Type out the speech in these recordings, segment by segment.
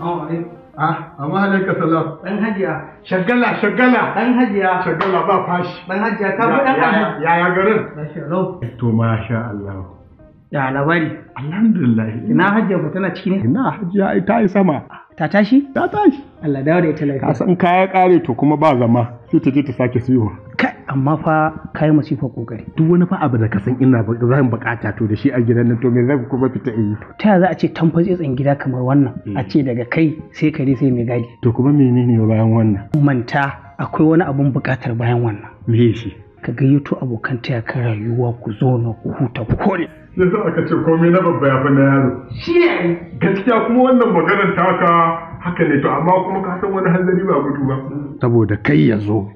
Oh, eh. Ah, amma salam. Dan hajiya. Shagala, shagala. hajiya. Shagala ba fashi. hajiya To Allah. Ya labari. Alhamdulillah. Ina hajiya tana cikin? Ina hajiya ta yi sama. tashi? Ta tashi. Allah dawo da ita lafiya. Ka san kaya kare to kuma ba zama. Sai ta je ta sake siyowa. amma fa ka yi masifa kokari duk wani fa abu da ka san ina zan bukata to da shi a gidan nan to me zan kuma fita in yi ta za a ce tamfas tsan gida kamar wannan mm. a ce daga kai sai kare sai mai gadi to kuma menene bayan wannan manta akwai wani abun bukatar bayan wannan me shi ka gayyato abokan taya kan rayuwa ku zo na ku huta ku kore ya sa aka ce komai na babba ya fi na yaro shi ne gaskiya kuma wannan maganar taka haka ne to amma kuma ka san wani hanzari ba mutu ba saboda kai ya zo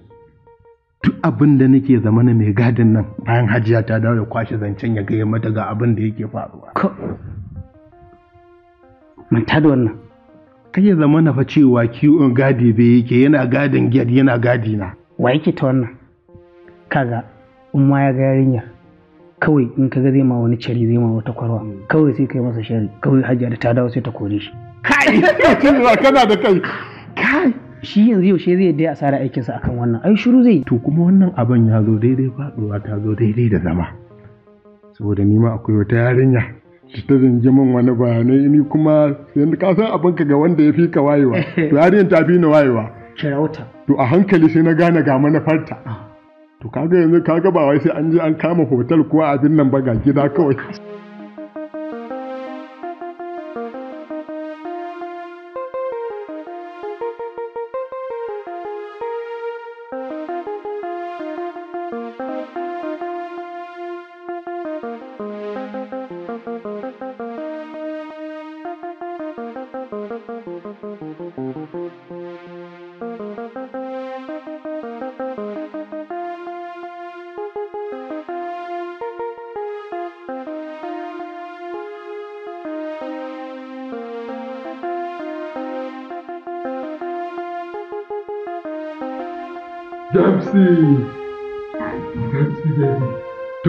duk abin da nake zama na mai gadin nan bayan hajiya ta dawo ya kwashe zancen ya gaya mata ga abin da yake faruwa manta da wannan kai ya zama na fa cewa kiwon gadi bai yake yana gadin gyar yana gadi na wa yake ta wannan kaga in ma ya ga yarinya kawai in kaga zai ma wani cari zai ma wata kwarwa kawai sai kai masa shari kawai hajiya da ta dawo sai ta kore shi kai kana da kai kai shi yanzu yaushe zai dai asara aikinsa akan wannan ai shiru zai to kuma wannan abin ya zo daidai faduwa ta zo daidai da zama saboda ni ma akwai wata yarinya ta zange min wani bayanai ni kuma yanzu ka san abinka ga wanda ya fi ka wayewa to yarinyar ta fi ni wayewa kirauta to a hankali sai na gane ga manufarta ah. to kaga yanzu kaga ba wai sai an je an kama hotel ko abin nan ba ga gida kawai Dempsey! Dempsey baby.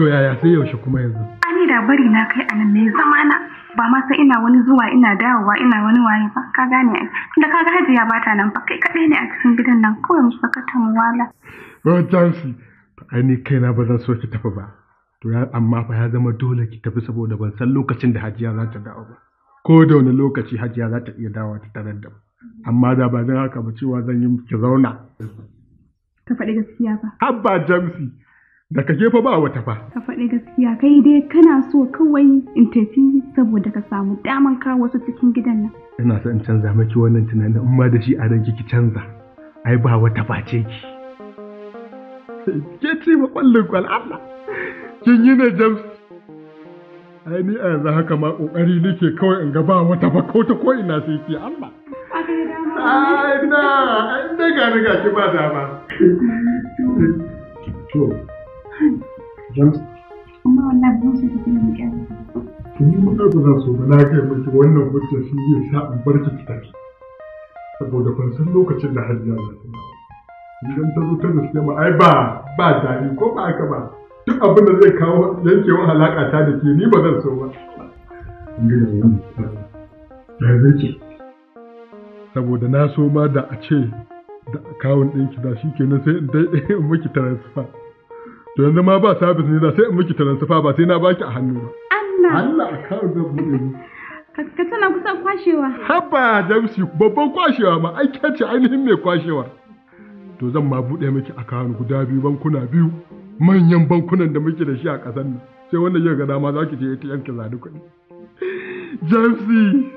To yaya sai yaushe kuma yanzu? Ani da bari na kai a nan zama zamana ba ma sai ina wani zuwa ina dawowa ina wani waye ba ka gane ai tunda kaga hajiya ba ta nan ba kai kaɗai ne a cikin gidan nan kawai mu saka ta mu wala. Oh Dempsey ni kaina ba zan so ki tafi ba. To amma fa ya zama dole ki tafi saboda ban san lokacin da hajiya za ta dawo ba. Ko da wani lokaci hajiya za ta iya dawowa ta tarar da mu. Amma da ba zan haka ba cewa zan yi ki zauna. Ka faɗi gaskiya ba. Abba Jamsi, da ka jefa ba wata fa. Ka faɗi gaskiya kai dai kana so kawai in tafi saboda ka samu daman kawo wasu cikin gidan nan. Ina so in canza maki wannan tunanin in ma da shi a nan kiki canza. Ai ba wata face ki. Ke ce makwallin kwal Allah. Kin yi ne Jamsi. Ai ni a yanzu haka ma ƙoƙari nake kawai in ga ba wata fa ko ta ko ina sai ki Allah. na an daga riga ki ba dama to jan amma wannan ban su tafi ne kyan kun yi magana ba za su ba na kai miki wannan hujja shi zai sa in bar ki tafi saboda ban san lokacin da hajjiya za ta dawo idan ta zo ta gaske ma ai ba ba dadi ko ba aka ba duk abin da zai kawo yankewar alaƙa ta da ke ni ba zan so ba. Ina da wani tsara. Da zai saboda na so ma da a ce da akawun ɗinki da shi kenan sai dai in miki transfer to yanzu ma ba sabis ne da sai in miki transfer ba sai na baki a hannu ba Allah Allah akawun zan bude ni ka tana kusan kwashewa haba jamsi babban kwashewa ma ai kace ainihin mai kwashewa to zan ma bude miki akawun guda biyu bankuna biyu manyan bankunan da muke da shi a ƙasar nan sai wanda yau ga dama za ki je ATM ki zani kuɗi jamsi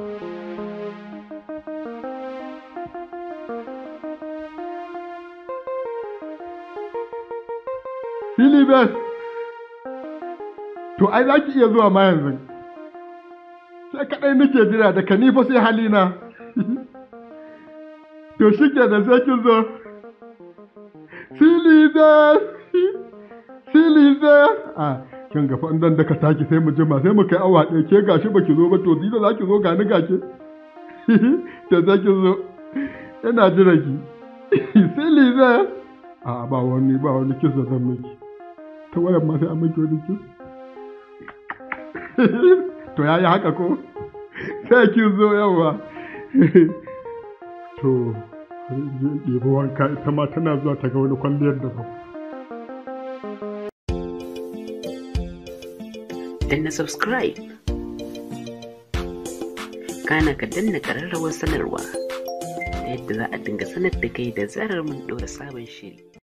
best to ai za ki iya zuwa ma yanzu sai kaɗai nake jira daga ni fa sai halina to shi ke da sai kin zo siliza siliza a kin gafa in dan ka taki sai mu jima sai mu kai awa ɗaya ke gashi ba ki zo ba to dila za ki zo gani gake da za ki zo ina jira ki siliza a ba wani ba wani kisa zan miki ta wayan ma sai an maki wani kiss to ya yi haka ko sai kin zo yawa to ɗebo wanka ita ma tana zuwa ta ga wani kwalliyar da ba danna subscribe kana ka danna ƙararrawar sanarwa ta yadda za a dinga sanar da kai da zarar mun ɗora sabon shiri